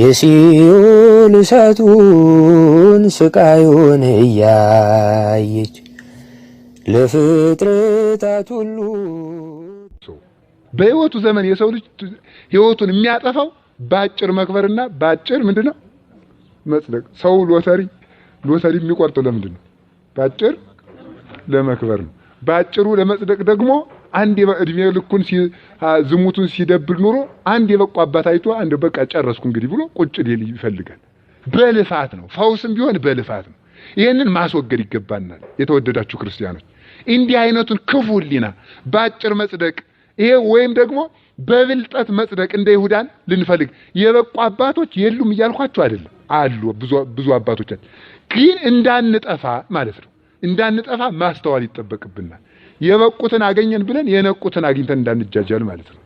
የሲኦል እሳቱን ስቃዩን እያየች ለፍጥረታት ሁሉ በህይወቱ ዘመን የሰው ልጅ ህይወቱን የሚያጠፋው በአጭር መክበርና በአጭር ምንድን ነው መጽደቅ። ሰው ሎተሪ ሎተሪ የሚቆርጠው ለምንድን ነው? በአጭር ለመክበር ነው። በአጭሩ ለመጽደቅ ደግሞ አንድ እድሜ ልኩን ዝሙቱን ሲደብል ኑሮ አንድ የበቁ አባት አይቶ አንድ በቃ ጨረስኩ እንግዲህ ብሎ ቁጭ ሊል ይፈልጋል። በልፋት ነው፣ ፈውስም ቢሆን በልፋት ነው። ይህንን ማስወገድ ይገባናል። የተወደዳችሁ ክርስቲያኖች እንዲህ አይነቱን ክፉ ሕሊና በአጭር መጽደቅ ይሄ ወይም ደግሞ በብልጠት መጽደቅ እንደ ይሁዳን ልንፈልግ የበቁ አባቶች የሉም እያልኳቸው አይደለም፣ አሉ ብዙ አባቶቻችን፣ ግን እንዳንጠፋ ማለት ነው። እንዳንጠፋ ማስተዋል ይጠበቅብናል። የበቁትን አገኘን ብለን የነቁትን አግኝተን እንዳንጃጃል ማለት ነው።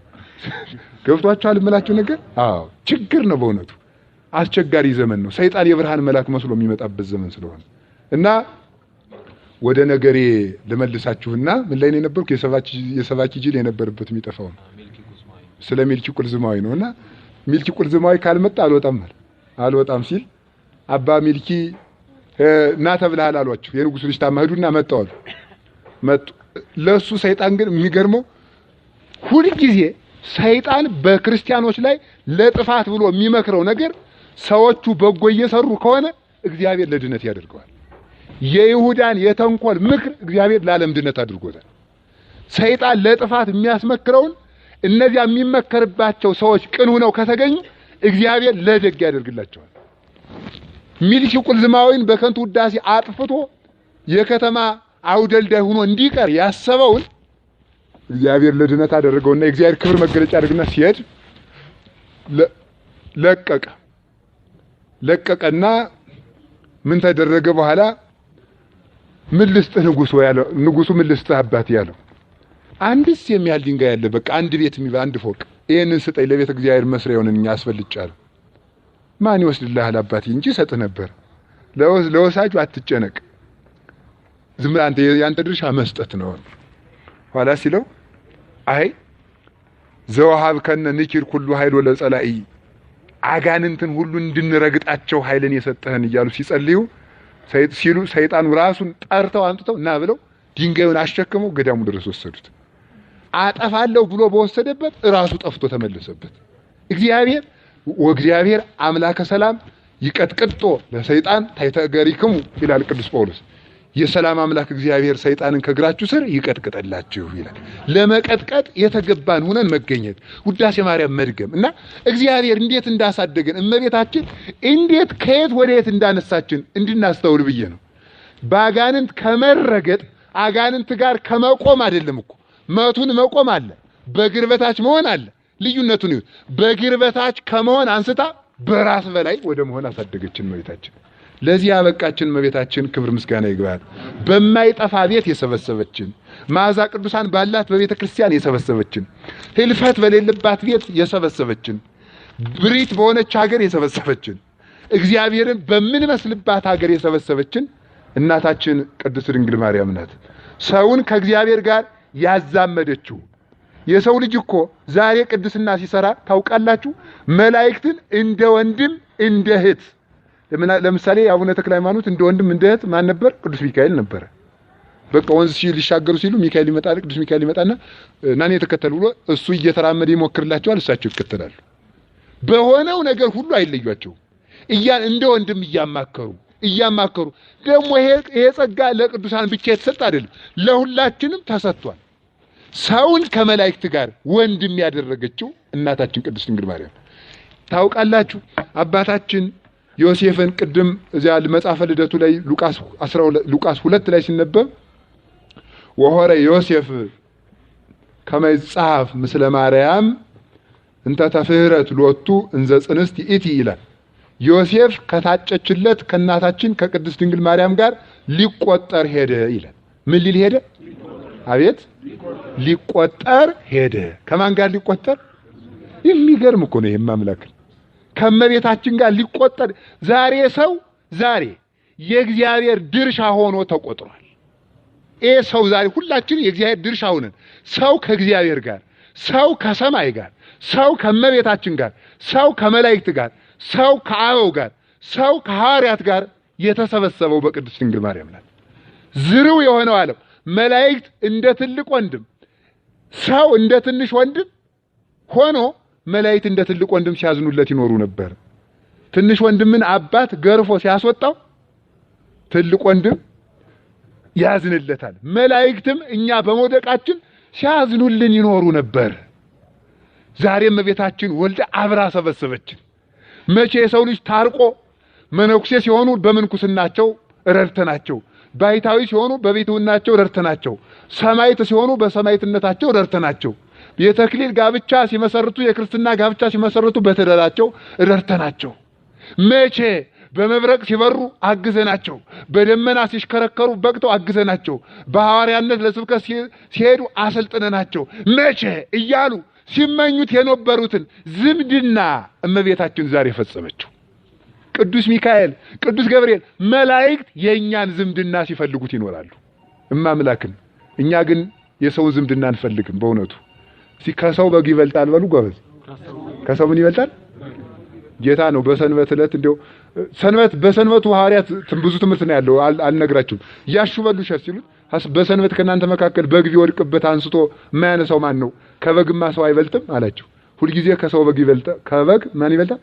ገብቷችኋል የምላችሁ ነገር? አዎ ችግር ነው በእውነቱ አስቸጋሪ ዘመን ነው። ሰይጣን የብርሃን መልአክ መስሎ የሚመጣበት ዘመን ስለሆነ እና ወደ ነገሬ ልመልሳችሁና ምን ላይ ነው የነበርኩ? የሰባኪ ጅል የነበረበት የሚጠፋው ነው። ስለ ሚልኪ ቁልዝማዊ ነው። እና ሚልኪ ቁልዝማዊ ካልመጣ አልወጣም አለ። አልወጣም ሲል አባ ሚልኪ ና ተብልሃል አሏችሁ። የንጉሱ ልጅ ታማሂዱና መጣው መጡ። ለሱ ሰይጣን ግን የሚገርመው ሁልጊዜ ሰይጣን በክርስቲያኖች ላይ ለጥፋት ብሎ የሚመክረው ነገር ሰዎቹ በጎ እየሰሩ ከሆነ እግዚአብሔር ለድነት ያደርገዋል። የይሁዳን የተንኮል ምክር እግዚአብሔር ለዓለም ድነት አድርጎታል። ሰይጣን ለጥፋት የሚያስመክረውን እነዚያ የሚመከርባቸው ሰዎች ቅን ሆነው ከተገኙ እግዚአብሔር ለደግ ያደርግላቸዋል። ሚልኪ ቁልዝማዊን በከንቱ ውዳሴ አጥፍቶ የከተማ አውደልዳይ ሆኖ እንዲቀር ያሰበውን እግዚአብሔር ለድነት አደረገውና የእግዚአብሔር ክብር መገለጫ አድርግና ሲሄድ ለቀቀ ለቀቀና ምን ተደረገ በኋላ ምን ልስጥህ ንጉሱ ያለው ንጉሱ ምን ልስጥህ አባት ያለው አንድስ የሚያል ድንጋይ ያለ በቃ አንድ ቤት የሚባል አንድ ፎቅ ይሄንን ስጠኝ ለቤት እግዚአብሔር መስሪያ ይሆንልኝ አስፈልጫለሁ ማን ይወስድልሃል አባቴ እንጂ ሰጥህ ነበር ለወሳጁ አትጨነቅ ዝም አንተ ያንተ ድርሻ መስጠት ነው። ኋላ ሲለው አይ ከነ ንኪር ሁሉ ኃይል ወለጸላኢ አጋንንትን ሁሉ እንድንረግጣቸው ኃይልን የሰጠህን እያሉ ሲጸልዩ ሲሉ ሰይጣኑ ራሱን ጠርተው አምጥተው እና ብለው ድንጋዩን አሸክመው ገዳሙ ድረስ ወሰዱት። አጠፋለሁ ብሎ በወሰደበት ራሱ ጠፍቶ ተመለሰበት። እግዚአብሔር ወእግዚአብሔር አምላከ ሰላም ይቀጥቅጦ ለሰይጣን ታይተገሪክሙ ይላል ቅዱስ ጳውሎስ። የሰላም አምላክ እግዚአብሔር ሰይጣንን ከእግራችሁ ስር ይቀጥቅጥላችሁ ይላል። ለመቀጥቀጥ የተገባን ሁነን መገኘት፣ ውዳሴ ማርያም መድገም እና እግዚአብሔር እንዴት እንዳሳደገን እመቤታችን እንዴት ከየት ወደ የት እንዳነሳችን እንድናስተውል ብዬ ነው። በአጋንንት ከመረገጥ አጋንንት ጋር ከመቆም አይደለም እኮ መቱን መቆም አለ፣ በግርበታች መሆን አለ። ልዩነቱን ይሁን በግርበታች ከመሆን አንስታ በራስ በላይ ወደ መሆን አሳደገችን እመቤታችን። ለዚህ ያበቃችን እመቤታችን ክብር ምስጋና ይግባል። በማይጠፋ ቤት የሰበሰበችን መዓዛ ቅዱሳን ባላት በቤተ ክርስቲያን የሰበሰበችን ህልፈት በሌለባት ቤት የሰበሰበችን ብሪት በሆነች ሀገር የሰበሰበችን እግዚአብሔርን በምንመስልባት ሀገር የሰበሰበችን እናታችን ቅድስት ድንግል ማርያም ናት። ሰውን ከእግዚአብሔር ጋር ያዛመደችው የሰው ልጅ እኮ ዛሬ ቅድስና ሲሰራ ታውቃላችሁ፣ መላእክትን እንደ ወንድም እንደ እህት ለምሳሌ አቡነ ተክለ ሃይማኖት እንደ ወንድም እንደ እህት ማን ነበር? ቅዱስ ሚካኤል ነበረ። በቃ ወንዝ ሲል ሊሻገሩ ሲሉ ሚካኤል ይመጣል፣ ቅዱስ ሚካኤል ይመጣና ናን የተከተል ብሎ እሱ እየተራመደ ይሞክርላቸዋል፣ እሳቸው ይከተላሉ። በሆነው ነገር ሁሉ አይለዩቸውም። እያ እንደ ወንድም እያማከሩ እያማከሩ ደግሞ ይሄ ይሄ ጸጋ ለቅዱሳን ብቻ የተሰጠ አይደለም፣ ለሁላችንም ተሰጥቷል። ሰውን ከመላእክት ጋር ወንድም ያደረገችው እናታችን ቅድስት ድንግል ማርያም ታውቃላችሁ አባታችን ዮሴፍን ቅድም እዚያ መጽሐፈ ልደቱ ላይ ሉቃስ ሁለት ላይ ሲነበብ ወሆረ ዮሴፍ ከመጽሐፍ ምስለ ማርያም እንተ ተፍህረት ሎቱ እንዘ ጽንስት ይእቲ ይላል። ዮሴፍ ከታጨችለት ከእናታችን ከቅድስት ድንግል ማርያም ጋር ሊቆጠር ሄደ ይላል። ምን ሊል ሄደ? አቤት ሊቆጠር ሄደ። ከማን ጋር ሊቆጠር? የሚገርም እኮ ነው ይሄ ማምላክ ከመቤታችን ጋር ሊቆጠር ዛሬ ሰው ዛሬ የእግዚአብሔር ድርሻ ሆኖ ተቆጥሯል። ይህ ሰው ዛሬ ሁላችን የእግዚአብሔር ድርሻ ሆነን ሰው ከእግዚአብሔር ጋር ሰው ከሰማይ ጋር ሰው ከመቤታችን ጋር ሰው ከመላእክት ጋር ሰው ከአበው ጋር ሰው ከሐዋርያት ጋር የተሰበሰበው በቅድስት ድንግል ማርያም ናት። ዝርው የሆነው ዓለም መላእክት እንደ ትልቅ ወንድም፣ ሰው እንደ ትንሽ ወንድም ሆኖ መላእክት እንደ ትልቅ ወንድም ሲያዝኑለት ይኖሩ ነበር። ትንሽ ወንድምን አባት ገርፎ ሲያስወጣው ትልቅ ወንድም ያዝንለታል። መላእክትም እኛ በመውደቃችን ሲያዝኑልን ይኖሩ ነበር። ዛሬም እመቤታችን ወልዳ አብራ ሰበሰበችን። መቼ የሰው ልጅ ታርቆ መነኩሴ ሲሆኑ በምንኩስናቸው ረድተናቸው፣ ባይታዊ ሲሆኑ በቤትውናቸው ረድተናቸው፣ ሰማይት ሲሆኑ በሰማይትነታቸው ረድተናቸው የተክሊል ጋብቻ ሲመሰርቱ፣ የክርስትና ጋብቻ ሲመሰርቱ በትዳራቸው ረድተናቸው መቼ በመብረቅ ሲበሩ አግዘናቸው፣ በደመና ሲሽከረከሩ በቅተው አግዘናቸው፣ በሐዋርያነት ለስብከት ሲሄዱ አሰልጥነናቸው መቼ እያሉ ሲመኙት የነበሩትን ዝምድና እመቤታችን ዛሬ ፈጸመችው። ቅዱስ ሚካኤል፣ ቅዱስ ገብርኤል መላእክት የእኛን ዝምድና ሲፈልጉት ይኖራሉ። እማምላክን እኛ ግን የሰውን ዝምድና አንፈልግም በእውነቱ ከሰው በግ ይበልጣል። በሉ ጎበዝ፣ ከሰው ምን ይበልጣል? ጌታ ነው። በሰንበት ዕለት እንደው ሰንበት በሰንበቱ ሐዋርያት ብዙ ትምህርት ነው ያለው። አልነግራችሁም። ያሹ በሉ ሸር ሲሉት በሰንበት ከእናንተ መካከል በግ ቢወድቅበት አንስቶ የማያነሳው ማን ነው? ከበግማ ሰው አይበልጥም አላቸው። ሁልጊዜ ከሰው በግ ይበልጣ ከበግ ማን ይበልጣል?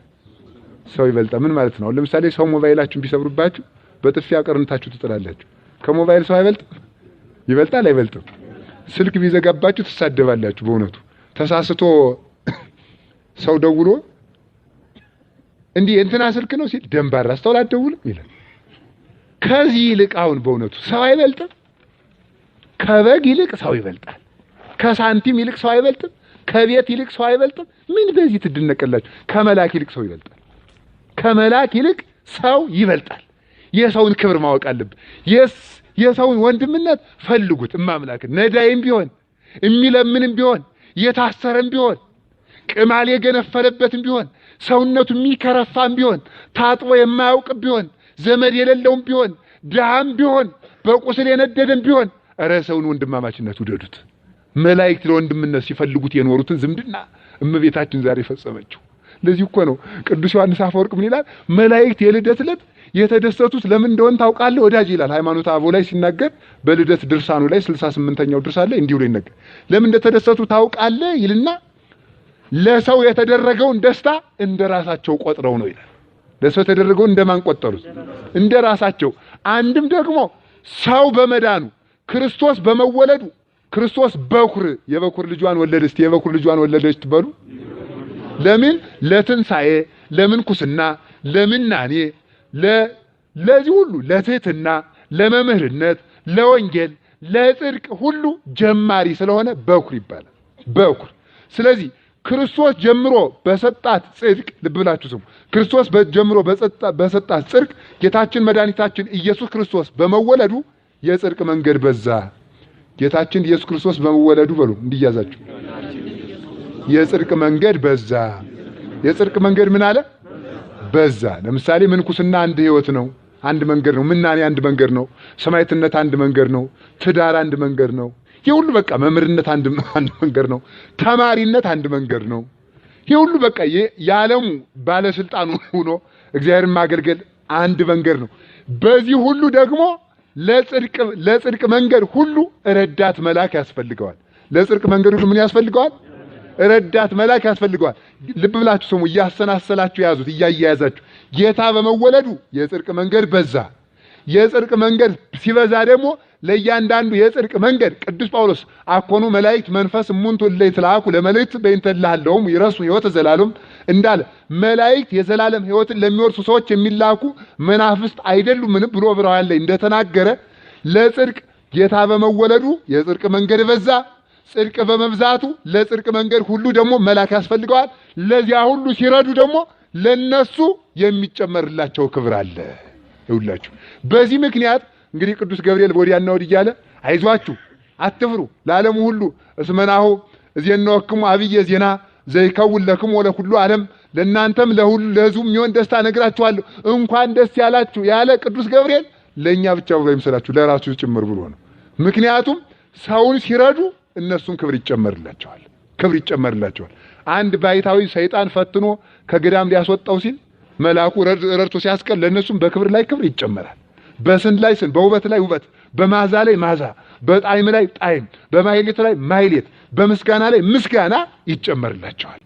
ሰው ይበልጣል። ምን ማለት ነው? ለምሳሌ ሰው ሞባይላችሁን ቢሰብሩባችሁ በጥፊ አቀርንታችሁ ትጥላላችሁ። ከሞባይል ሰው አይበልጥ ይበልጣል አይበልጥም? ስልክ ቢዘጋባችሁ ትሳደባላችሁ። በእውነቱ ተሳስቶ ሰው ደውሎ እንዲህ እንትና ስልክ ነው ሲል ደንባር አስተውል አትደውልም ይላል። ከዚህ ይልቅ አሁን በእውነቱ ሰው አይበልጥም? ከበግ ይልቅ ሰው ይበልጣል። ከሳንቲም ይልቅ ሰው አይበልጥም? ከቤት ይልቅ ሰው አይበልጥም? ምን በዚህ ትድነቀላችሁ? ከመላክ ይልቅ ሰው ይበልጣል። ከመላክ ይልቅ ሰው ይበልጣል። የሰውን ክብር ማወቅ የስ የሰውን ወንድምነት ፈልጉት። እማምላክን ነዳይም ቢሆን የሚለምንም ቢሆን የታሰረም ቢሆን ቅማል የገነፈለበትም ቢሆን ሰውነቱ የሚከረፋም ቢሆን ታጥቦ የማያውቅ ቢሆን ዘመድ የሌለውም ቢሆን ድሃም ቢሆን በቁስል የነደደም ቢሆን እረ ሰውን ወንድማማችነት ውደዱት። መላእክት ለወንድምነት ሲፈልጉት የኖሩትን ዝምድና እመቤታችን ዛሬ ፈጸመችው። ለዚህ እኮ ነው ቅዱስ ዮሐንስ አፈወርቅ ምን ይላል? መላእክት የልደት ዕለት የተደሰቱት ለምን እንደሆን ታውቃለህ ወዳጅ ይላል ሃይማኖተ አበው ላይ ሲናገር በልደት ድርሳኑ ላይ ስልሳ ስምንተኛው ድርሳን ላይ እንዲሁ ይነገር ለምን እንደተደሰቱ ታውቃለህ ይልና ለሰው የተደረገውን ደስታ እንደ ራሳቸው ቆጥረው ነው ይላል። ለሰው የተደረገውን እንደማን ቆጠሩት? እንደ ራሳቸው። አንድም ደግሞ ሰው በመዳኑ ክርስቶስ በመወለዱ ክርስቶስ በኩር የበኩር ልጇን ወለደ። የበኩር ልጇን ወለደች ትበሉ ለምን ለትንሣኤ ለምን ኩስና ለምን አኔ? ለዚህ ሁሉ ለትህትና፣ ለመምህርነት፣ ለወንጌል፣ ለጽድቅ ሁሉ ጀማሪ ስለሆነ በኩር ይባላል። በኩር ስለዚህ ክርስቶስ ጀምሮ በሰጣት ጽድቅ ልብ ብላችሁ ስሙ። ክርስቶስ ጀምሮ በሰጣት ጽድቅ ጌታችን መድኃኒታችን ኢየሱስ ክርስቶስ በመወለዱ የጽድቅ መንገድ በዛ። ጌታችን ኢየሱስ ክርስቶስ በመወለዱ በሉ እንዲያዛችሁ የጽድቅ መንገድ በዛ። የጽድቅ መንገድ ምን አለ? በዛ። ለምሳሌ ምንኩስና አንድ ህይወት ነው፣ አንድ መንገድ ነው። ምናኔ አንድ መንገድ ነው። ሰማይትነት አንድ መንገድ ነው። ትዳር አንድ መንገድ ነው። የሁሉ በቃ መምህርነት አንድ መንገድ ነው። ተማሪነት አንድ መንገድ ነው። የሁሉ በቃ የዓለሙ ባለስልጣኑ ሆኖ እግዚአብሔርን ማገልገል አንድ መንገድ ነው። በዚህ ሁሉ ደግሞ ለጽድቅ ለጽድቅ መንገድ ሁሉ ረዳት መልአክ ያስፈልገዋል። ለጽድቅ መንገድ ሁሉ ምን ያስፈልገዋል? ረዳት መልአክ ያስፈልገዋል። ልብ ብላችሁ ስሙ። እያሰናሰላችሁ ያዙት፣ እያያያዛችሁ ጌታ በመወለዱ የጽድቅ መንገድ በዛ። የጽድቅ መንገድ ሲበዛ ደግሞ ለእያንዳንዱ የጽድቅ መንገድ ቅዱስ ጳውሎስ አኮኑ መላእክት መንፈስ እሙንቱ እለ ይትላኩ ለመልእክት በእንተላለውም ይረሱ ህይወት ዘላለም እንዳለ መላእክት የዘላለም ህይወትን ለሚወርሱ ሰዎች የሚላኩ መናፍስት አይደሉምን ብሎ ዕብራውያን ላይ እንደተናገረ ለጽድቅ ጌታ በመወለዱ የጽድቅ መንገድ በዛ። ጽድቅ በመብዛቱ ለጽድቅ መንገድ ሁሉ ደግሞ መላክ ያስፈልገዋል። ለዚያ ሁሉ ሲረዱ ደግሞ ለነሱ የሚጨመርላቸው ክብር አለ። ይውላችሁ። በዚህ ምክንያት እንግዲህ ቅዱስ ገብርኤል ወዲያና ወዲህ እያለ አይዟችሁ፣ አትፍሩ፣ ለዓለሙ ሁሉ እስመናሁ እዜንወክሙ አብየ ዜና ዘይከውን ለክሙ ለሁሉ ዓለም ለእናንተም ለሁሉ ለሕዝቡም የሚሆን ደስታ ነግራችኋለሁ። እንኳን ደስ ያላችሁ ያለ ቅዱስ ገብርኤል ለእኛ ብቻ ብሎ አይምሰላችሁ፣ ለራሱ ጭምር ብሎ ነው። ምክንያቱም ሰውን ሲረዱ እነሱም ክብር ይጨመርላቸዋል። ክብር ይጨመርላቸዋል። አንድ ባይታዊ ሰይጣን ፈትኖ ከገዳም ሊያስወጣው ሲል መልአኩ ረድቶ ሲያስቀል ለእነሱም በክብር ላይ ክብር ይጨመራል። በስን ላይ ስን፣ በውበት ላይ ውበት፣ በማዛ ላይ ማዛ፣ በጣይም ላይ ጣይም፣ በማይሌት ላይ ማይሌት በምስጋና ላይ ምስጋና ይጨመርላቸዋል።